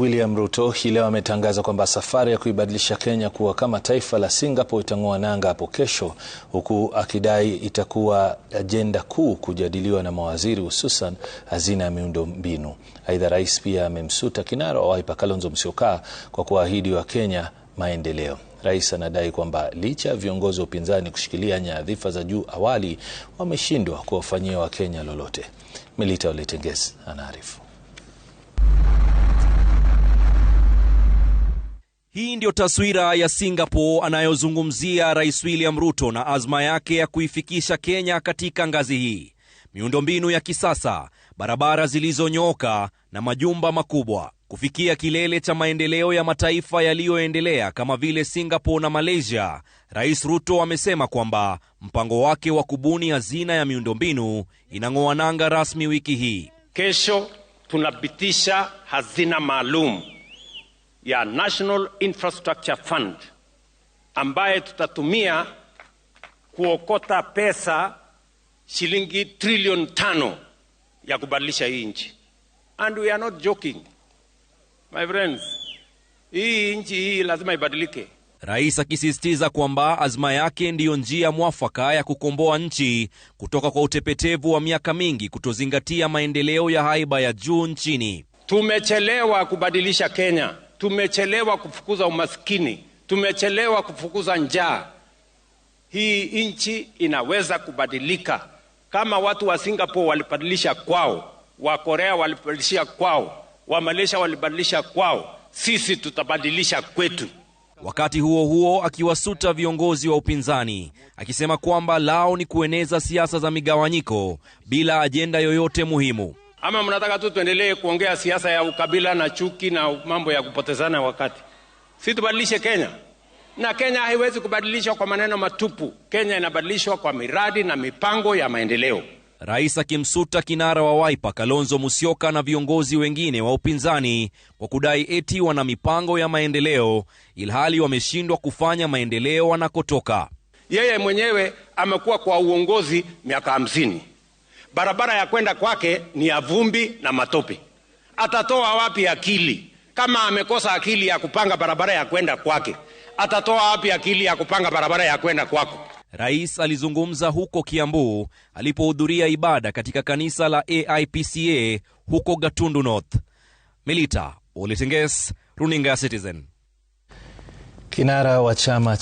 William Ruto hii leo ametangaza kwamba safari ya kuibadilisha Kenya kuwa kama taifa la Singapore itang'oa nanga hapo kesho, huku akidai itakuwa ajenda kuu kujadiliwa na mawaziri, hususan hazina ya miundo mbinu. Aidha, rais pia amemsuta kinara wa Wiper Kalonzo Musyoka kwa wa Kenya maendeleo. Rais anadai kwamba licha ya viongozi wa upinzani kushikilia nyadhifa za juu awali, wameshindwa kuwafanyia Wakenya lolote. Milita Oletengesi anaarifu. Hii ndiyo taswira ya Singapore anayozungumzia Rais William Ruto na azma yake ya kuifikisha Kenya katika ngazi hii: miundombinu ya kisasa, barabara zilizonyooka na majumba makubwa, kufikia kilele cha maendeleo ya mataifa yaliyoendelea kama vile Singapore na Malaysia. Rais Ruto amesema kwamba mpango wake wa kubuni hazina ya miundombinu inang'oa nanga rasmi wiki hii. Kesho tunapitisha hazina maalum ya National Infrastructure Fund ambaye tutatumia kuokota pesa shilingi trilioni tano ya kubadilisha hii nchi. And we are not joking. My friends, hii nchi hii lazima ibadilike. Rais akisisitiza kwamba azma yake ndiyo njia mwafaka ya kukomboa nchi kutoka kwa utepetevu wa miaka mingi kutozingatia maendeleo ya haiba ya juu nchini. Tumechelewa kubadilisha Kenya. Tumechelewa kufukuza umaskini, tumechelewa kufukuza njaa. Hii nchi inaweza kubadilika kama watu wa Singapore walibadilisha kwao, wa Korea walibadilisha kwao, wa Malaysia walibadilisha kwao, sisi tutabadilisha kwetu. Wakati huo huo akiwasuta viongozi wa upinzani akisema kwamba lao ni kueneza siasa za migawanyiko bila ajenda yoyote muhimu ama mnataka tu tuendelee kuongea siasa ya ukabila na chuki na mambo ya kupotezana wakati? Si tubadilishe Kenya, na Kenya haiwezi kubadilishwa kwa maneno matupu. Kenya inabadilishwa kwa miradi na mipango ya maendeleo. Rais akimsuta kinara wa Wiper Kalonzo Musyoka na viongozi wengine wa upinzani kwa kudai eti wana mipango ya maendeleo ilhali wameshindwa kufanya maendeleo wanakotoka. Yeye mwenyewe amekuwa kwa uongozi miaka hamsini barabara ya kwenda kwake ni ya vumbi na matope atatoa wapi akili kama amekosa akili ya kupanga barabara ya kwenda kwake atatoa wapi akili ya kupanga barabara ya kwenda kwako rais alizungumza huko kiambu alipohudhuria ibada katika kanisa la aipca huko gatundu north milita oletenges runinga citizen kinara wa chama